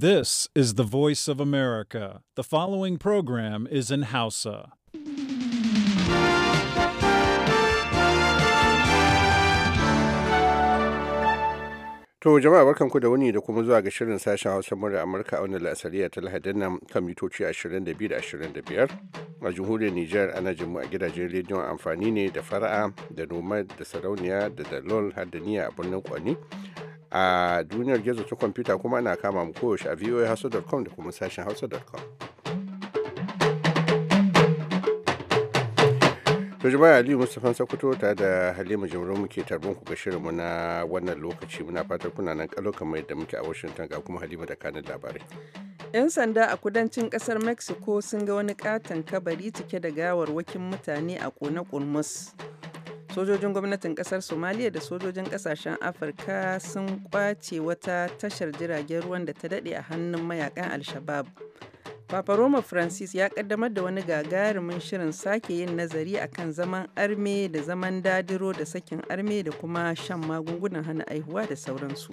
This is the voice of America. The following program is in Hausa. To jama'a barkan ku da wani da kuma zuwa ga shirin sashen Hausa murya Amurka a wannan la'asariya ta Lahadin nan kan mitoci 22 da 25 a jamhuriyar Nijar ana jimu a gidajen rediyon amfani ne da fara'a da noma da sarauniya da dalol har da niyya a birnin Kwani a duniyar gizo ta kwamfuta kuma ana kama mu koyaushe a voahausa.com da kuma sashen hausa.com to jama'a aliyu mustapha sokoto ta da halima jimrin muke tarbon ku ga shirinmu na wannan lokaci muna fatar kuna nan kalo kamar da muke a washington ga kuma halima da kanin labarai yan sanda a kudancin kasar mexico sun ga wani katon kabari cike da gawarwakin mutane a kone kurmus sojojin gwamnatin kasar somaliya da sojojin kasashen afirka sun kwace wata tashar jiragen ruwan da ta daɗe a hannun mayakan alshabab shabab Papa Roma Francis ya kaddamar da wani gagarumin shirin sake yin nazari akan zaman arme da zaman dadiro da sakin arme da kuma shan magungunan hana aihuwa da sauransu.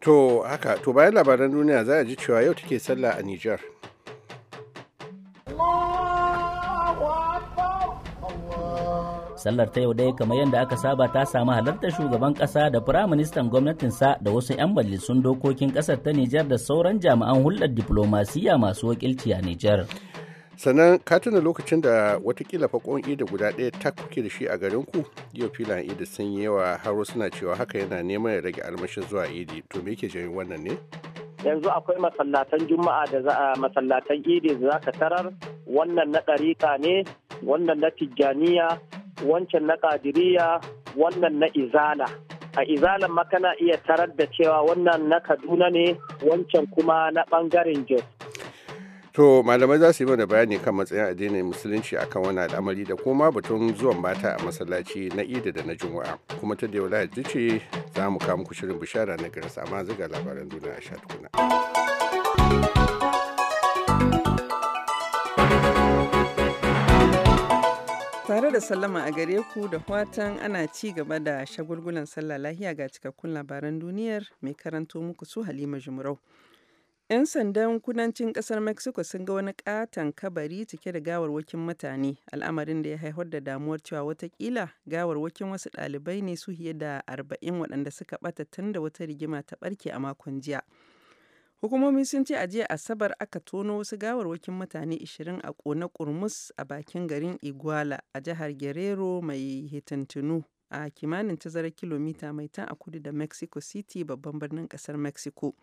To haka, to bayan labaran duniya za a ji cewa yau take sallah a Nijar. sallar ta yau dai kamar yadda aka saba ta samu halartar shugaban kasa da firaministan gwamnatinsa da wasu 'yan majalisun dokokin kasar ta nijar da sauran jami'an hulɗar diplomasiya masu wakilci a nijar sannan ka tuna lokacin da watakila fakon ida guda ɗaya ta kuke da shi a garin ku yau filan ida sun yi yawa haro suna cewa haka yana neman ya rage almashin zuwa idi to me yake janyo wannan ne yanzu akwai masallatan juma'a da za a masallatan idi za ka tarar wannan na ɗarika ne wannan na tijjaniya wancan na kadiriya wannan na izala a izalan ma kana iya tarar da cewa wannan na kaduna ne wancan kuma na bangaren jos to malamai za su yi mana bayani kan matsayin addinin musulunci akan wani al'amari da kuma batun zuwan mata a masallaci na ida da na juma'a kuma ta da ce za mu kawo muku shirin bishara na garsa amma zuga labaran duniya a sha tukuna. Tare da sallama a gare ku da watan ana ci gaba da shagulgulan sallah lahiya ga cikakkun labaran duniyar mai karanto muku su Halima Jumrau. 'Yan sandan kudancin kasar Mexico sun ga wani katon kabari cike da gawarwakin mutane, al'amarin da ya haifar da damuwar cewa watakila gawarwakin wasu ɗalibai ne su fiye da arba'in waɗanda suka ɓata tun da wata rigima ta ɓarke a makon jiya. Hukumomi sun ce a jiya Asabar aka tono wasu gawarwakin mutane 20 a kona kurmus a bakin garin Iguala a jihar Guerrero mai hitintinu a kimanin tazarar kilomita mai tan a kudu da Mexico City babban birnin kasar Mexico.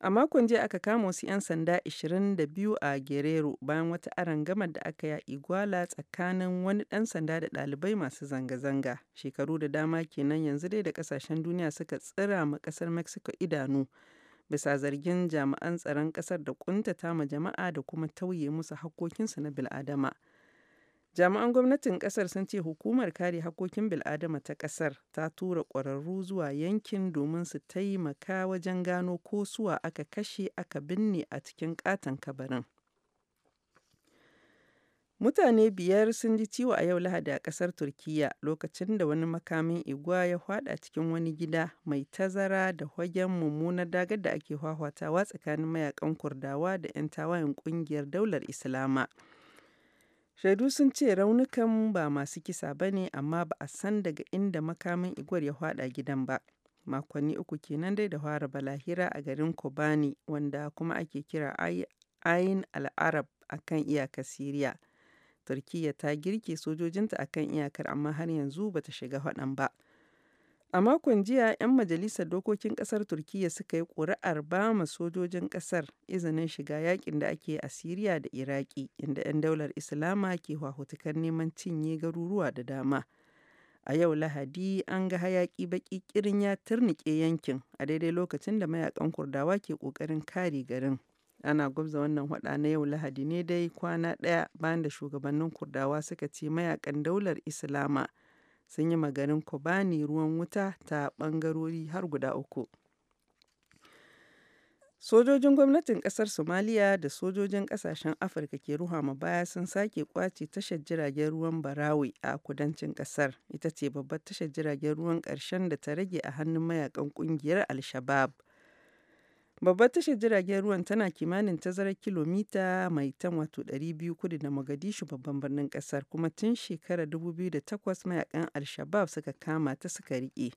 A makon jiya aka kama wasu 'yan sanda 22 a Guerrero bayan wata arangamar da aka yi a Iguala tsakanin wani ɗan sanda da ɗalibai masu zanga-zanga. Shekaru da dama kenan yanzu dai da ƙasashen duniya suka tsira ma ƙasar Mexico idanu. bisa zargin jami'an tsaron ƙasar da ƙuntata ma jama'a da kuma tauye musu hakkokinsu na bil'adama. Jami'an gwamnatin ƙasar sun ce hukumar kare hakkokin bil'adama ta ƙasar ta tura ƙwararru zuwa yankin domin su taimaka wajen gano ko suwa aka kashe aka binne a cikin ƙaton kabarin. Mutane biyar sun ji ciwo a yau Lahadi a ƙasar Turkiyya lokacin da wani makamin igwa ya hwada cikin wani gida mai tazara da hwagen mummunar dagar da ake hwahwatawa tsakanin mayakan Kurdawa da 'yan tawayen ƙungiyar daular Islama. Shaidu sun ce raunukan ba masu kisa ba ne amma ba a san daga inda makamin igwar ya hwada gidan ba. Makonni uku kenan dai da fara balahira a garin Kobani wanda kuma ake kira Ayin al'arab akan iyaka iyakar Siriya. Turkiyya ta girke sojojinta a kan iyakar amma har yanzu ba ta shiga faɗan ba. A makon jiya, 'yan majalisar dokokin ƙasar Turkiyya suka yi ƙuri'ar ba ma sojojin ƙasar izinin shiga yakin da ake a Siriya da Iraki, inda 'yan daular Islama ke hwahutukar neman cinye garuruwa da dama. a yau lahadi an ga hayaƙi baki kirin ya turnike yankin a daidai lokacin da mayakan kurdawa ke ƙoƙarin kare garin ana gwabza wannan hwada na yau lahadi ne dai kwana ɗaya bayan da shugabannin kurdawa suka ci mayakan daular islama sun yi magarin kobani ruwan wuta ta ɓangarori har guda uku sojojin gwamnatin ƙasar somaliya da sojojin ƙasashen afirka ke ruhama baya sun sake kwace tashar jiragen ruwan barawi a kudancin ƙasar ita ce babbar tashar jiragen ruwan ƙarshen da ta rage a hannun mayakan ƙungiyar al-shabab Babbar tashar jiragen ruwan tana kimanin tazarar kilomita mai tan wato 200 kudu da Mogadishu babban birnin kasar kuma tun shekarar 2008 mayakan Al-Shabab suka kama ta suka rike.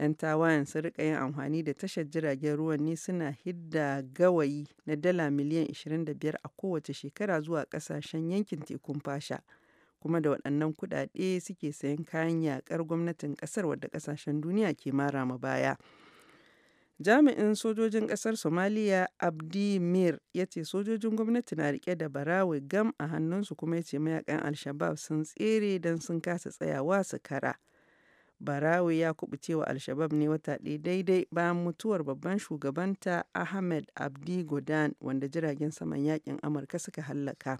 'Yan tawayen sun rika yin amfani da tashar jiragen ruwan ne suna hidda gawayi na dala miliyan 25 a kowace shekara zuwa kasashen yankin tekun fasha. kuma da waɗannan kuɗaɗe suke sayan kayan yakar gwamnatin kasar wadda ƙasashen duniya ke mara ma baya. Jami'in sojojin kasar somaliya Abdi Mir ya ce sojojin gwamnati na rike da Barawe gam a hannunsu kuma ya ce mayakan Al-Shabab sun tsere don sun kasa tsayawa su kara. Barawe ya kubuce wa Al-Shabab ne wata ɗaya daidai bayan mutuwar babban shugabanta Ahmed Abdi Godan wanda jiragen saman yakin Amurka suka hallaka.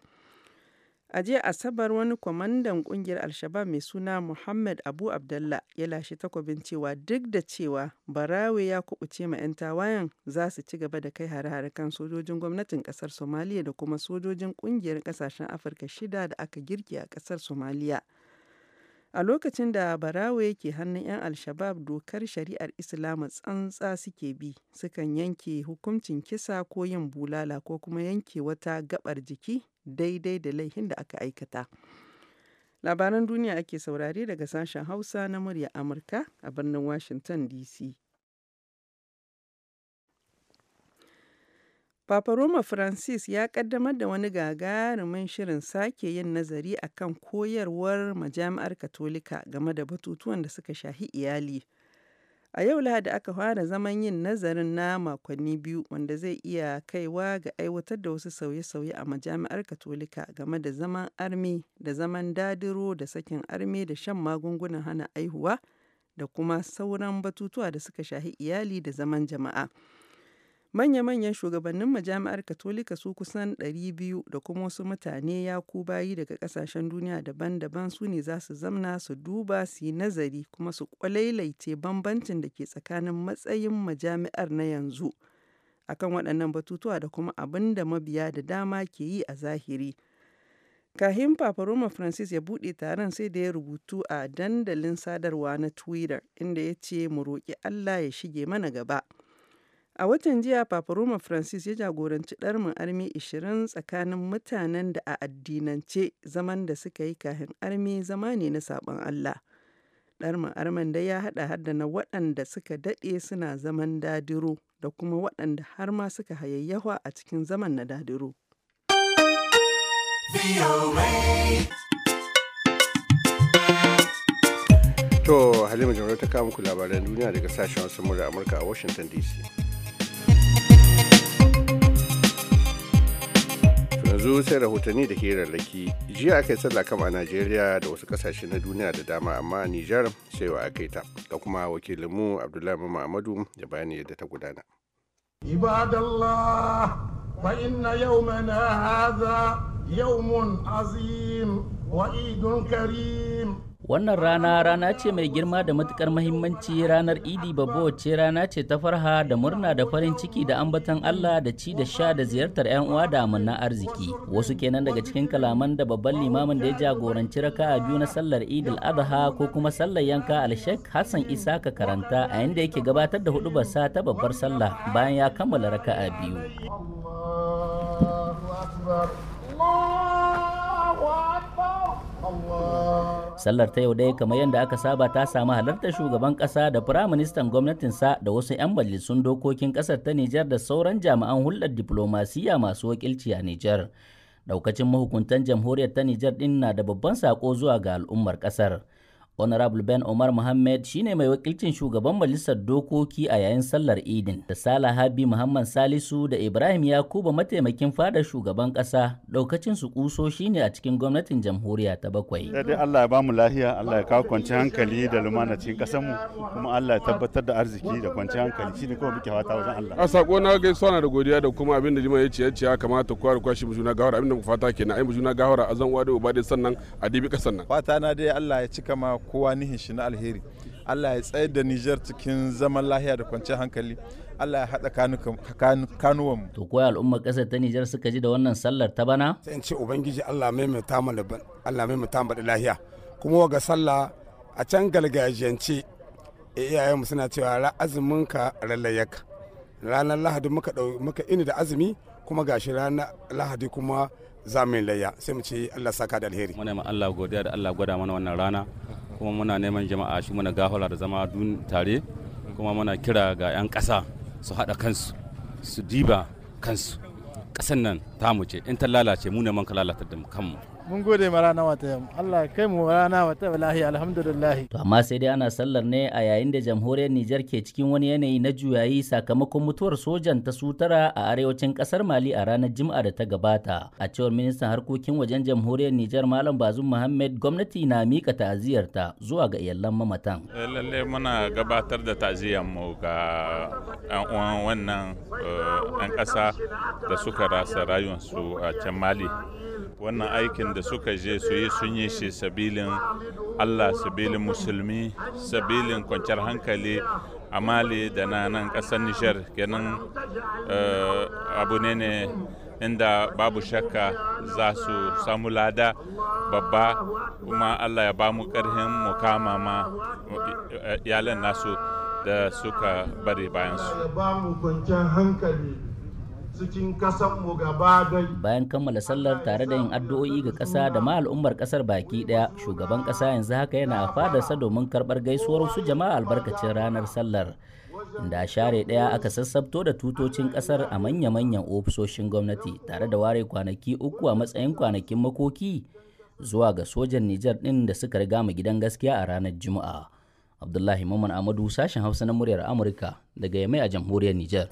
A jiya Asabar wani kwamandan kungiyar Al-Shabab mai suna Mohammed Abu Abdallah ya lashe takobin cewa duk da cewa Barawe ya kubuce ma 'yan tawayen za su ci gaba da kai hare-hare kan sojojin gwamnatin kasar Somaliya da kuma sojojin kungiyar kasashen Afirka shida da aka girki a kasar Somaliya. A lokacin da Barawe yake hannun 'yan Al-Shabab dokar shari'ar Islamu tsantsa suke bi, sukan yanke hukuncin kisa ko yin bulala ko kuma yanke wata gabar jiki daidai da laihin da aka aikata. Labaran duniya ake saurare daga sashen Hausa na murya Amurka a birnin Washington DC. Papa Roma Francis ya kaddamar da wani gagarumin shirin sake yin nazari akan koyarwar majami'ar Katolika game da batutuwan da suka shahi iyali. A yau Lahadi aka fara zaman yin nazarin na makonni biyu wanda zai iya kaiwa ga aiwatar da wasu sauye-sauye a majami'ar Katolika game da zaman armi da zaman dadiro da sakin armi da shan magungunan hana aihuwa da kuma sauran batutuwa da suka shahi iyali da zaman jama'a. Manya-manyan shugabannin majami'ar Katolika su kusan 200 da kuma wasu mutane ya ku bayi daga kasashen duniya daban-daban su ne za su zamna su duba su yi nazari kuma su kwalailaice bambancin da ke tsakanin matsayin majami'ar na yanzu akan waɗannan batutuwa da kuma abin da mabiya da dama ke yi a zahiri. Kahin Papa Roma Francis ya buɗe taron sai da ya rubutu a dandalin sadarwa na Twitter inda ya ce mu roƙi Allah ya shige mana gaba. A watan jiya, roma Francis ya jagoranci ɗarmin armi 20 tsakanin mutanen da a addinance zaman da suka yi kahin armi zama ne na saɓon Allah. Ɗarmin Arman dai ya haɗa hada na waɗanda suka daɗe suna zaman dadiro da kuma waɗanda har ma suka hayayyawa a cikin zaman na dadiro. To Halima Jamaica ta ku labaran duniya daga sashen wasu murar Amurka a Washington DC. yanzu sai rahotanni da ke rarraki jiya aka yi sallah kama a najeriya da wasu kasashe na duniya da dama amma a nijar wa aka yi ta da kuma wakilinmu abdullahi muhammadu ya bayani yadda ta gudana ibadallah fa inna yawmana hadha يوم azim وعيد كريم wannan rana rana ce mai girma da matukar mahimmanci ranar idi babba ce rana ce ta farha da murna da farin ciki da ambatan allah da ci da sha da ziyartar yan uwa da amanna arziki wasu kenan daga cikin kalaman da babban limamin da ya jagoranci raka a biyu na sallar idil adha ko kuma sallar yanka alshek hassan isa ka karanta a yanda yake gabatar da basa ta babbar sallah bayan ya kammala raka a biyu sallar ta yau dai kamar yadda aka saba ta samu halartar shugaban ƙasa da firaministan gwamnatinsa da wasu 'yan majalisun dokokin ƙasar ta nijar da sauran jami'an hulɗar diplomasiya masu wakilci a nijar daukacin mahukuntan jamhuriyar ta nijar din na da babban sako zuwa ga al'ummar ƙasar. honorable ben omar muhammad shine mai wakilcin shugaban majalisar dokoki a yayin sallar idin da sala habi muhammad salisu da ibrahim yakuba mataimakin fadar shugaban kasa daukacin su kuso shine a cikin gwamnatin jamhuriya ta bakwai dai allah ya ba mu lahiya allah ya kawo kwanci hankali da lumana cikin kasar mu kuma allah ya tabbatar da arziki da kwanci hankali shine kuma muke fata wajen allah a sako na ga na da godiya da kuma abin da jima ya yace ya kamata kowa da kowa shi mujuna gawara abin da mu fata kenan ai mujuna gawara a zan uwa da sannan a dibi kasar nan fata na dai allah ya cika ma kowa nihin shi na alheri Allah ya tsayar da Nijar cikin zaman lahiya da kwanciyar hankali Allah ya haɗa kanuwan to koyi al'ummar ƙasar ta Nijar suka ji da wannan sallar ta bana sai in ce ubangiji Allah maimaita mana Allah maimaita mana lahiya kuma waga sallah a can galgajiyance mu suna cewa azumin ka rallayaka ranar lahadi muka muka ini da azumi kuma gashi ranar lahadi kuma za mu layya sai mu ce Allah saka da alheri ne ma Allah godiya da Allah gwada mana wannan rana kuma muna neman jama'a shi muna gafara da zama dun tare kuma muna kira ga 'yan kasa su haɗa kansu su diba kansu ƙasan nan ta mu ce in ta lalace mu neman ka lalata da kanmu mun gode ma rana wata yamma. Allah kai mu rana wata wallahi alhamdulillah to amma sai dai ana sallar ne a yayin da jamhuriyar niger ke cikin wani yanayi na juyayi sakamakon mutuwar sojan ta sutara a arewacin kasar Mali a ranar Juma'a da ta gabata a cewar ministan harkokin wajen jamhuriyar niger Malam Bazum Muhammad gwamnati na mika ta'aziyarta zuwa ga iyalan mamatan eh, lalle muna gabatar da ta'aziyar mu ga ɗan uwan wannan ɗan eh, ƙasa da suka rasa rayuwarsu a can Mali wannan aikin da suka je su yi sun yi shi sabilin allah sabilin musulmi sabilin kwanciyar hankali a mali da na nan ƙasar nishar kenan eh, abu ne ne inda babu shakka za su samu lada babba kuma allah ya ba mu karhin mu ma iyalan nasu da suka bari bayansu. ba mu hankali cikin mu gaba dai. Bayan kammala sallar tare da yin addu'o'i ga kasa da ma al'ummar ƙasar baki daya shugaban kasa yanzu haka yana fadarsa domin karɓar gaisuwar su jama'a albarkacin ranar sallar. Da share daya aka sassabto da tutocin kasar a manya-manyan ofisoshin gwamnati tare da ware kwanaki uku a matsayin kwanakin makoki zuwa ga sojan Nijar ɗin da suka riga mu gidan gaskiya a ranar Juma'a. Abdullahi Maman Amadu sashen Hausa na muryar Amurka daga Yamai a jamhuriyar Nijar.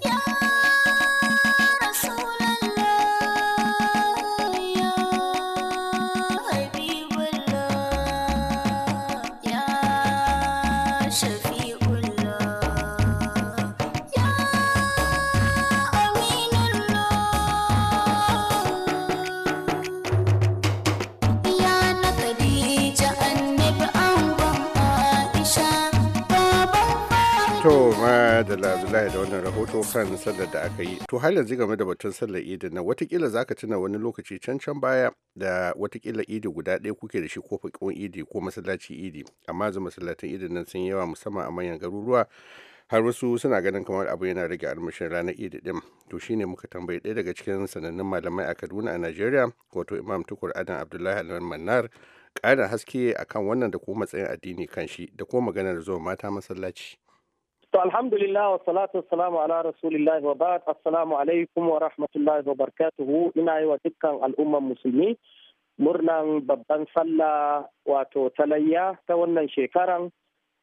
To ma da labulai da wannan rahoto kan sallar da aka yi. To har yanzu game da batun sallar idi na watakila za ka tuna wani lokaci can can baya da watakila idi guda ɗaya kuke da shi ko fakon idi ko masallaci idi. Amma zu masallacin idi nan sun yawa musamman a manyan garuruwa har wasu suna ganin kamar abu yana rage armashin ranar idi din. To shine muka tambayi ɗaya daga cikin sanannun malamai a Kaduna a nigeria wato Imam Tukur Adam Abdullahi Al-Mannar ƙarin haske akan wannan da kuma matsayin addini kan shi da ko maganar zuwa mata masallaci. To alhamdulillah wa salatu wa salamu ala rasulillahi wa ba'd assalamu alaikum wa rahmatullahi wa barkatuhu ina yi wa dukkan al'umman musulmi murnan babban sallah wato talayya ta wannan shekaran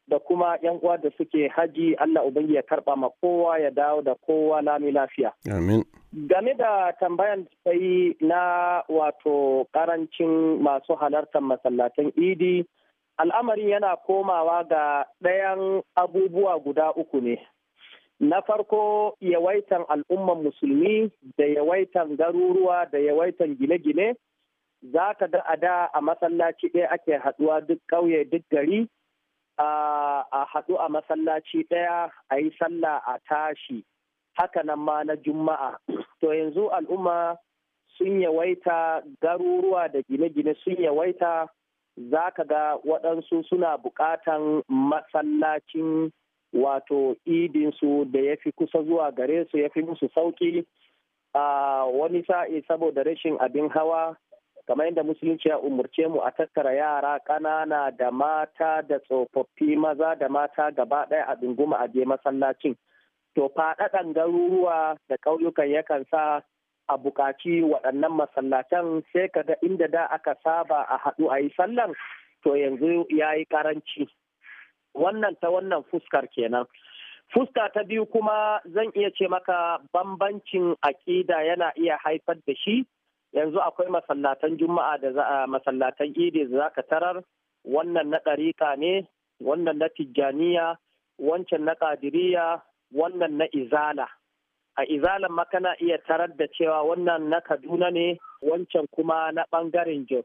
da kuma yan uwa da suke haji Allah ubangi ya karba ma kowa ya dawo da kowa lami lafiya. Amin. Game da tambayan sai na wato karancin masu halartar masallatan idi al'amarin yana komawa ga ɗayan abubuwa guda uku ne na farko yawaitan al'umman musulmi da yawaitan garuruwa da yawaitan gine-gine za ka ga a da a masallaci ɗaya ake haɗuwa duk ƙauye duk gari a haɗu a masallaci ɗaya a yi sallah a tashi hakanan ma na juma'a to yanzu al'umma sun yawaita garuruwa da gine-gine sun yawaita za ka ga waɗansu suna buƙatan masallacin wato idinsu da ya fi kusa zuwa gare su ya fi musu sauƙi a wani sa'i saboda rashin abin hawa kamar yadda musulunci ya umurce mu a tattara yara ƙanana da mata da tsofaffi maza da mata gaba ɗaya a dunguma a je masallacin to faɗaɗan garuruwa da ƙauyukan yakan sa a buƙaci waɗannan masallatan sai ka kaga inda da aka saba a haɗu a yi sallan to yanzu ya yi ƙaranci wannan ta wannan fuskar kenan fuska ta biyu kuma zan iya ce maka bambancin aƙida yana iya haifar da shi yanzu akwai masallatan juma'a da za masallatan idi da ka tarar wannan na ɗarika ne wannan na tijjaniya wancan na ƙadiriya wannan na izala a izalan ma kana iya tarar da cewa wannan na kaduna ne wancan kuma na bangaren jos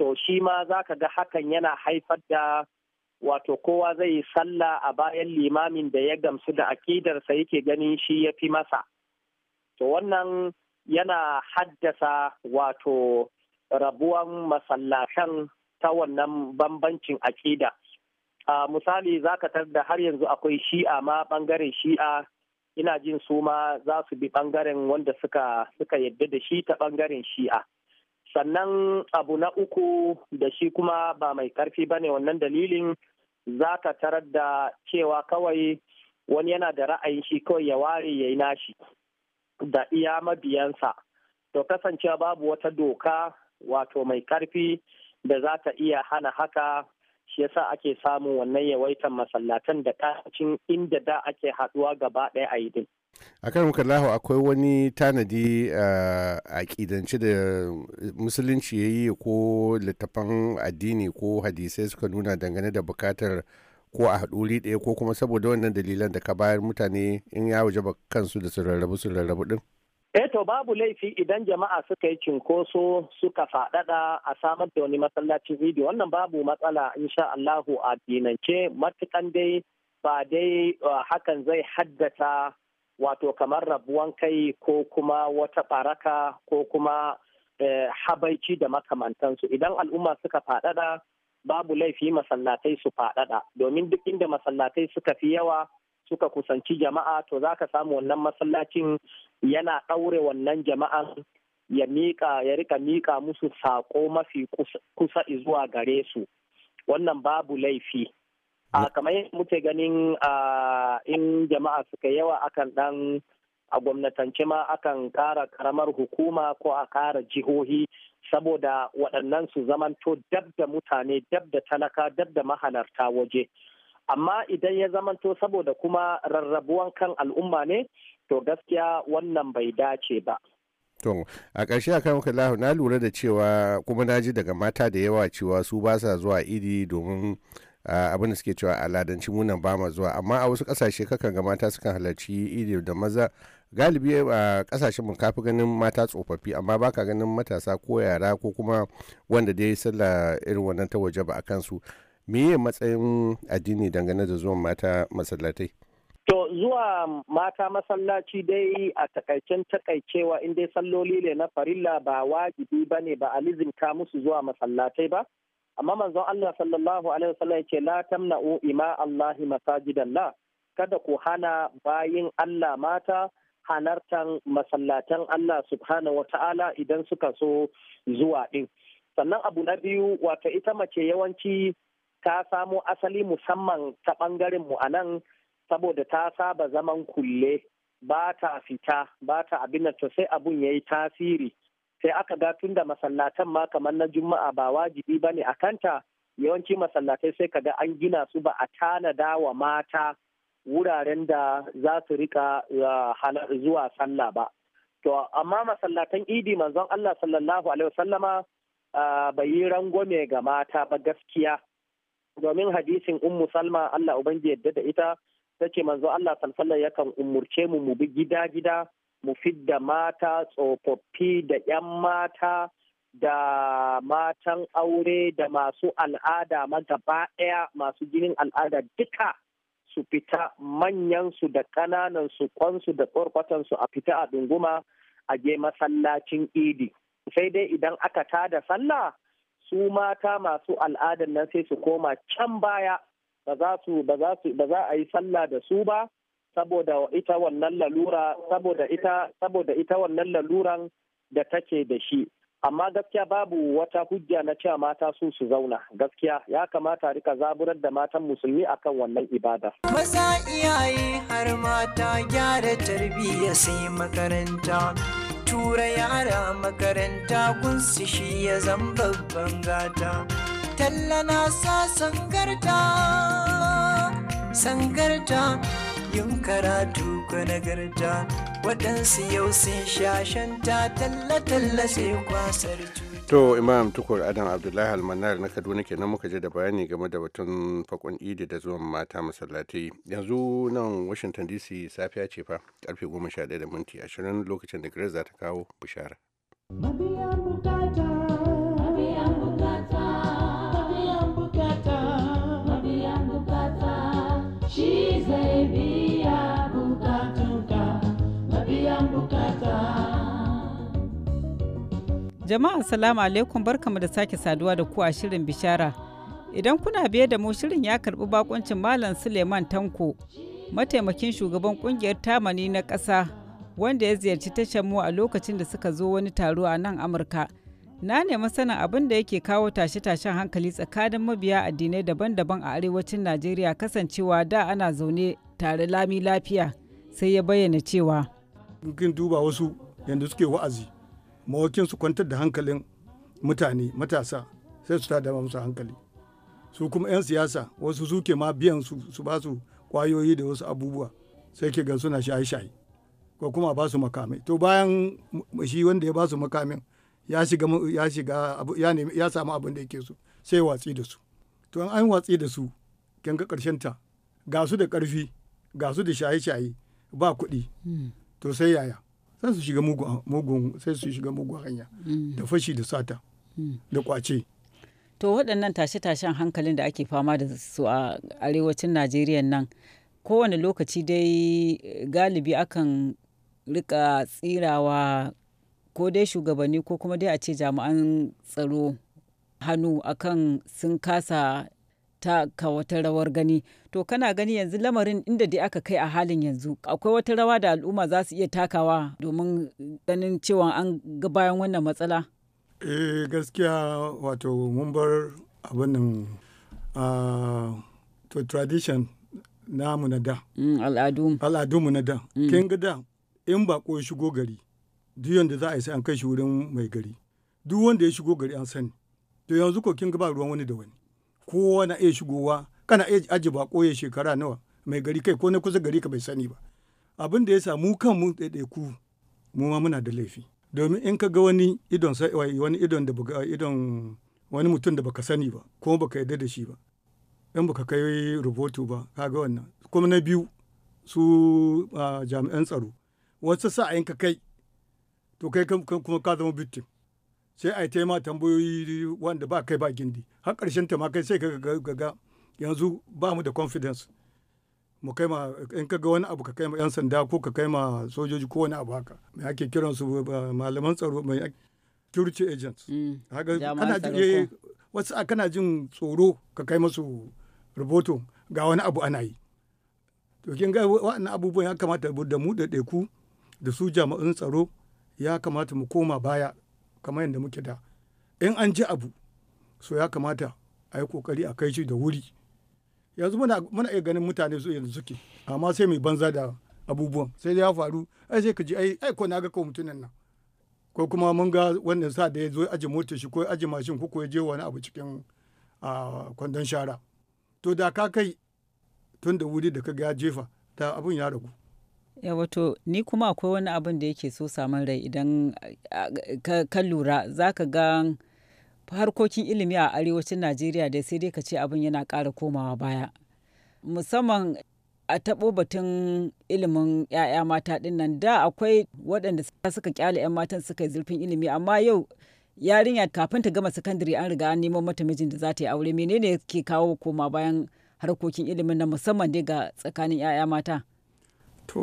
to shi ma za ka ga hakan yana haifar da wato kowa zai yi sallah a bayan limamin da ya gamsu da akidarsa yake ganin shi ya fi masa to wannan yana haddasa wato rabuwan masallatan ta wannan bambancin akida a misali za ka da har yanzu akwai shi'a ma bangaren shi'a ina jin su ma za su bi bangaren wanda suka suka yadda da shi ta bangaren shi'a sannan abu na uku da shi kuma ba mai karfi ba ne wannan dalilin za ka tarar da cewa kawai wani yana da ra'ayin shi kawai ya ware ya yi nashi da iya mabiyansa to kasancewa babu wata doka wato mai karfi da za ta iya hana haka shi yasa ake samun wannan yawaitan masallatan da kacin inda da ake haɗuwa gaba ɗaya a yidin. a kan lahu akwai wani tanadi eh, a ƙidance da musulunci ya yi ko littafan addini ko hadisai suka nuna dangane da bukatar ko a haɗuri ɗaya ko kuma saboda wannan dalilan da ka bayar mutane in ya waje kansu da su rarrabu su rarrabu ɗin. Eh to babu laifi idan jama'a suka yi cinkoso suka faɗaɗa a samar da wani masallacin rediyo wannan babu matsala insha Allahu a dinance matukan dai ba dai hakan zai haddata wato kamar rabuwan kai ko kuma wata baraka ko kuma eh, habaici da makamantansu idan al'umma suka faɗaɗa babu laifi masallatai su faɗaɗa domin duk inda masallatai suka fi yawa suka kusanci jama'a to za ka samu wannan masallacin yana ɗaure wannan jama'a ya mika ya rika miƙa musu saƙo mafi kusa zuwa gare su wannan babu laifi a kamar yadda muke ganin in jama'a suka yawa akan ɗan a gwamnatance ma akan ƙara karamar hukuma ko a ƙara jihohi saboda waɗannan su zamanto dab da mutane dab da talaka dab da mahalarta waje amma idan ya zamanto saboda kuma rarrabuwan kan al'umma ne to gaskiya wannan bai dace ba to a ƙarshe akan muka lahu na lura da cewa kuma na ji daga mata da yawa cewa su ba sa zuwa idi domin abin da suke cewa aladanci munan ba ma zuwa amma a wasu ƙasashe kakan ga mata sukan halarci idi da maza galibi a kasashen mun kafi ganin mata tsofaffi amma baka ganin matasa ko yara ko kuma wanda dai sallah irin wannan ta waje ba a kansu meye matsayin addini dangane da zuwan mata masallatai To zuwa mata masallaci dai a takaicen takaicewa in dai salloli ne na farilla ba wajibi ba ne ba ka musu zuwa masallatai ba. Amma manzon Allah sallallahu alaihi wasallam yake la tamna'u ima Allahi masajidallah kada ku hana bayin Allah mata hanartan masallatan Allah subhanahu wa idan suka so zuwa din. Sannan abu na biyu wata ita mace yawanci ta samo asali musamman ta ɓangaren mu a nan saboda ta saba zaman kulle ba ta fita ba ta abin to sai abun ya yi tasiri sai aka ga tun da masallatan ma kamar na juma'a ba wajibi ba ne a kanta yawanci masallatai sai kaga an gina su ba a tanada wa mata wuraren da za su rika zuwa sallah ba to amma masallatan idi manzon Allah sallallahu alaihi wasallama bai yi rangwame ga mata ba gaskiya domin hadisin ummu salma Allah ubangi yadda da ita Ta ce manzo Allah sallallahu yakan umurce mu mu bi gida gida mu fidda mata tsofaffi da yan mata da matan aure da masu al'ada magaba ɗaya masu jinin al'ada duka su fita manyansu da ƙananansu su kwansu da ƙorƙwatansu a fita a dunguma a je masallacin idi sai dai idan aka tada sallah su mata masu al'adan nan sai su koma can baya ba za a yi sallah da su ba saboda ita wannan lalura saboda ita saboda ita wannan laluran da take da shi amma gaskiya babu wata hujja na cewa mata su su zauna gaskiya ya kamata a rika zaburar da matan musulmi akan wannan ibada maza iyaye har mata gyara tarbiyya sai makaranta tura yara makaranta su shi ya zan babban gata talla na sa sangarta sangarta yin karatu ka nagarta waɗansu yau sun shashanta talla-talla sai kwasar cuta to imam tukur adam abdullahi almanar na kaduna kenan muka je da bayani game da batun fakon idi da zuwan mata masallatai yanzu nan washington dc safiya ce fa karfe 11 da minti 20 lokacin da grace za ta kawo bishara She's a Jama'a salamu alaikum barkamu da sake saduwa da ku a shirin bishara. Idan kuna biye da mu shirin ya karbi bakuncin Malam Suleiman Tanko, mataimakin shugaban kungiyar Tamani na ƙasa wanda ya ziyarci tashar mu a lokacin da suka zo wani taro a nan Amurka. Na nemi sanin abin da yake kawo tashe-tashen hankali tsakanin mabiya addinai daban-daban a arewacin Najeriya kasancewa da ana zaune tare lami lafiya sai ya bayyana cewa. Kin duba wasu yadda suke wa'azi mawakin su kwantar da hankalin mutane matasa sai su tada musu hankali su kuma 'yan siyasa wasu suke ma biyan su su ba su kwayoyi da wasu abubuwa sai ke gansu na shaye-shaye ko kuma ba su makamai to bayan shi wanda ya ba su makamin ya shiga ya ya samu abin da yake so sai watsi da su to an an watsi da su kin karshen ta ga su da karfi ga su da shaye-shaye ba kuɗi hmm. to sai yaya san su shiga mugun sai su shiga mugun hanya mm. da fashi da sata mm. da kwace to waɗannan tashe-tashen hankalin da ake fama da su a arewacin najeriya nan kowane lokaci dai galibi akan rika tsirawa ko dai shugabanni ko kuma dai a ce jami'an tsaro hannu akan sun kasa taka wata rawar gani to kana gani yanzu lamarin inda dai aka kai a halin yanzu akwai wata rawa da al'umma za su iya takawa domin ganin cewa an ga bayan wannan matsala eh gaskiya wato mun bar abin nan to tradition namu na da mm, al'adu mu na da mm. kin ga da in ba ko shigo gari duk yanda za a yi sai an kai shi wurin mai gari duk wanda ya shigo gari an sani to yanzu ko kin ga ba ruwan wani da wani kowa na iya shigowa kana iya aji ba koya shekara nawa mai gari kai ko na kusa gari ka bai sani ba abin da ya samu kanmu ɗaiɗaiku mu ma muna da laifi domin in ka ga wani idon wani idon da baka idon wani mutum da baka sani ba kuma baka yarda da shi ba in baka kai rubutu ba ka ga wannan kuma na biyu su ah, jami'an tsaro wasu sa'ayin ka kai to kai kuma ka zama victim sai a yi ma tambayoyi wanda ba kai ba gindi har ƙarshen ta ma kai sai ka ga yanzu ba mu da confidence mu kai ma in ka ga wani abu ka kai ma yan sanda ko ka kai ma sojoji ko wani abu haka Me ake kiran su malaman tsaro mai security agents mm. haka kana jin eh, wasu kana jin tsoro ka kai masu rubutu ga wani abu ana yi to kin ga waɗannan abubuwan ya kamata da mu da ɗeku da su jami'an tsaro ya kamata mu koma baya kamar yadda muke da in an ji abu so ya kamata a yi kokari a kai shi da wuri yanzu muna iya ganin mutane su yanzu suke amma sai mai banza da abubuwan sai ya faru ai sai ka ji ai ko na ga ko mutunan nan ko kuma mun ga wannan sa da ya zo aji motar shi ko aji mashin ko ko ya je wani abu cikin kwandon shara to da ka kai tun da wuri da ka ga jefa ta abun ya ragu ya wato ni kuma akwai wani abin da yake so saman rai idan ka lura za ka ga harkokin ilimi a arewacin najeriya da sai dai ka ce abin yana kara komawa baya musamman a taɓo batun ilimin 'ya'ya mata ɗin da akwai waɗanda suka kyale 'yan matan suka yi zurfin ilimi amma yau yarinya kafin ta gama sakandare an riga an nemo mata mijin da za ta yi aure menene ke kawo koma bayan harkokin ilimin nan musamman dai ga tsakanin 'ya'ya mata to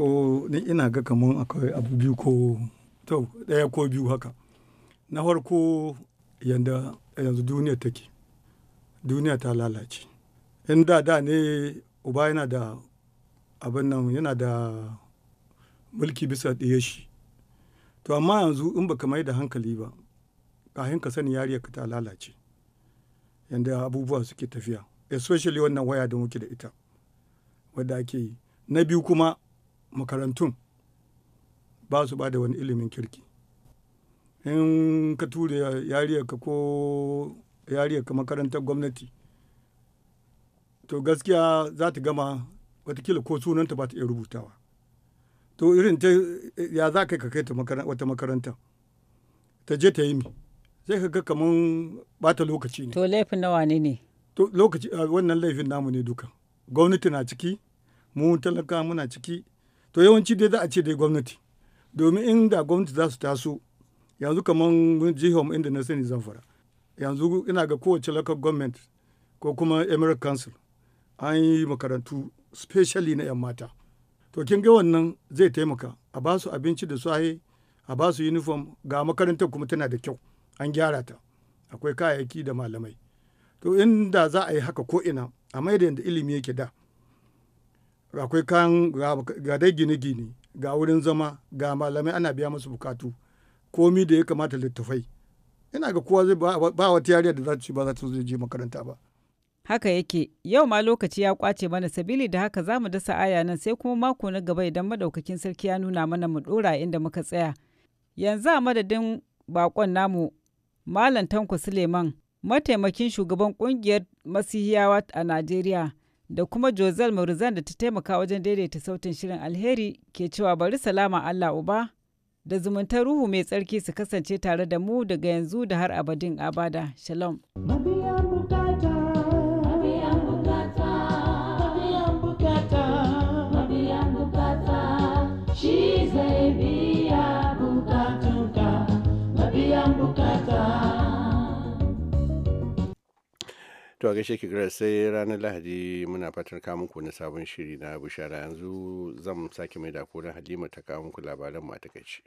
ni ina ga kamar akwai abu biyu ko to ɗaya ko biyu haka na farko yanda yanzu duniya take duniya ta lalace in da da ne uba yana da abin nan yana da mulki bisa ɗaya shi to amma yanzu in baka mai da hankali ba kahin ka sani yariya ka ta lalace yanda abubuwa suke tafiya especially wannan waya da muke da ita wadda ake yi na biyu kuma makarantun ba su ba da wani ilimin kirki in ka ture yariyarka ko yariyarka makarantar gwamnati to gaskiya za ta gama watakila ko sunanta ba ta iya rubutawa to irin ta ya za ka kai ta wata makaranta ta je ta yi mi sai ka ga kamar ta lokaci ne to laifin nawa ne ne to lokaci wannan laifin namu ne duka gwamnati na ciki mu talaka muna ciki to yawanci dai za a ce dai gwamnati domin inda gwamnati za su taso yanzu kamar jihom inda na sani zamfara yanzu ina ga kowace local government ko kuma emirate council an yi makarantu specially na 'yan mata to kin ga wannan zai taimaka a ba su abinci da haye a ba su uniform ga makarantar kuma tana da kyau an gyara ta akwai kayayyaki da malamai to inda za a yi haka ko ina a maida yadda ilimi yake da akwai kayan ga dai gine-gine ga wurin zama ga malamai ana biya musu bukatu komi da ya kamata littafai ina ga kowa zai ba wata yariya da za ta ci ba za ta zai je makaranta ba haka yake yau ma lokaci ya kwace mana sabili da haka zamu dasa aya nan sai kuma mako na gaba idan madaukakin sarki ya nuna mana mu dora inda muka tsaya yanzu a madadin bakon namu malam tanko suleiman mataimakin shugaban kungiyar masihiyawa a najeriya da kuma Josel Maurizan da ta taimaka wajen daidaita sautin shirin alheri ke cewa bari salama Allah Uba da zumuntar ruhu mai tsarki su kasance tare da mu daga yanzu da har abadin abada. Shalom. to a gaishe ki sai ranar lahadi muna fatar kawo muku na sabon shiri na bishara yanzu zan sake mai da koran halima ta kawo muku labaran mu a takaice.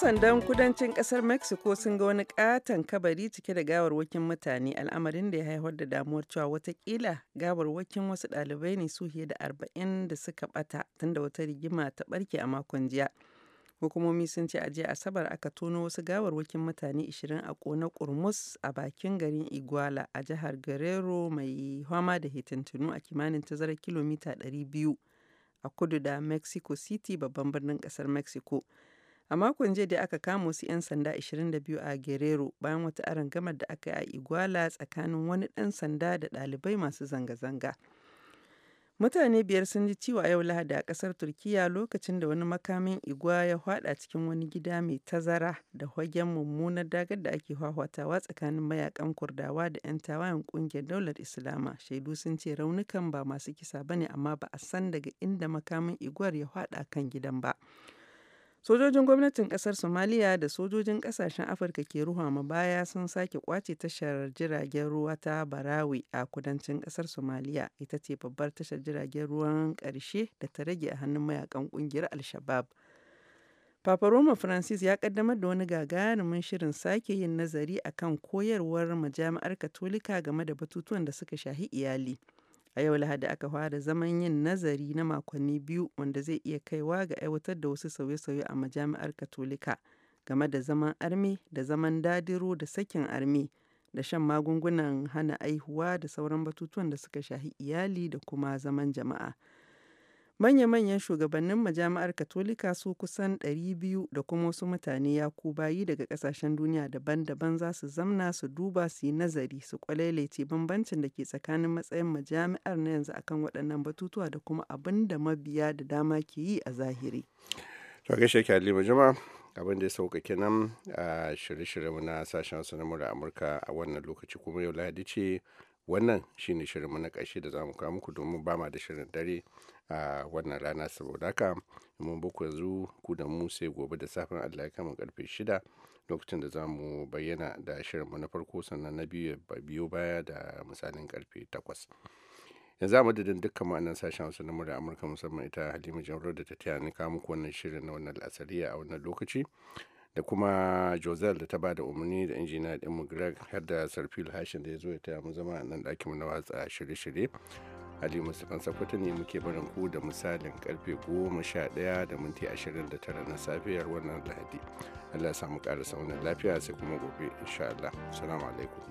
sandan kudancin kasar Mexico sun ga wani katon kabari cike da gawarwakin mutane al'amarin da ya haifar da damuwar cewa watakila gawarwakin wasu dalibai ne su da arba'in da suka bata tunda wata rigima ta barke a makon jiya. Hukumomi sun ce a jiya Asabar aka tono wasu gawarwakin mutane 20 a kona kurmus a bakin garin Iguala a jihar Guerrero mai hama da hitintunu a kimanin tazarar kilomita 200 a kudu da Mexico City babban birnin kasar Mexico. A makon jiya da aka kama wasu 'yan sanda 22 a Guerrero bayan wata aron arangamar da aka yi a Iguala tsakanin wani ɗan sanda da ɗalibai masu zanga-zanga. Mutane biyar sun ji ciwo a yau Lahadi a ƙasar turkiya lokacin da wani makamin igwa ya hwada cikin wani gida mai tazara da hagen mummunar dagar da ake hwahwatawa tsakanin mayakan Kurdawa da 'yan tawayen ƙungiyar daular Islama. Shaidu sun ce raunukan ba masu kisa bane amma ba a san daga inda makamin igwar ya hwada kan gidan ba. Sojojin gwamnatin kasar somaliya da sojojin kasashen Afirka ke ma baya sun sake kwace tashar jiragen ruwa ta barawi a kudancin kasar somaliya ita ce babbar tashar jiragen ruwan karshe da ta rage a hannun mayakan kungiyar al shabab Papa Roma Francis ya kaddamar da wani gagarumin shirin sake yin nazari akan koyarwar majami'ar Katolika game da batutuwan da suka shahi iyali. A yau Lahadi aka fara zaman yin nazari na makonni biyu wanda zai iya kaiwa ga aiwatar da wasu sauye-sauye a majami'ar Katolika game da zaman armi da zaman dadiro da sakin armi da shan magungunan hana aihuwa da sauran batutuwan da suka shahi iyali da kuma zaman jama'a. Manya-manyan shugabannin majami'ar Katolika su kusan 200 da kuma wasu mutane ya bayi daga kasashen duniya daban-daban za su zamna su duba su yi nazari su kwalelece bambancin da ke tsakanin matsayin majami'ar na yanzu akan waɗannan batutuwa da kuma abin da mabiya da dama ke yi a zahiri. To gaishe ki Halima Juma abin da ya sauka kenan a shirye-shiryen na sashen sanarwar Amurka a wannan lokaci kuma yau Lahadi ce wannan shi ne shirinmu na ƙarshe da za mu kawo muku domin ba ma da shirin dare a wannan rana saboda haka mun buku yanzu ku da mu sai gobe da safin allah ya kama karfe shida lokacin da za mu bayyana da shirinmu na farko sannan na biyu biyo baya da misalin karfe takwas yanzu a madadin dukkan ma'anar sashen hausa na murya amurka musamman ita halima jamro da ta taya ni kawo muku wannan shirin na wannan asali a wannan lokaci da kuma josel da ta ba da umarni da injiniya ɗinmu greg har da sarfil hashin da ya zo ya taya mu zama a nan mu na watsa shirye-shirye ali mustapha sakwata ne muke barin ku da misalin karfe 11 da minti 29 na safiyar wannan lahadi allah samu ƙara saunin lafiya sai kuma gobe insha allah salamu alaikum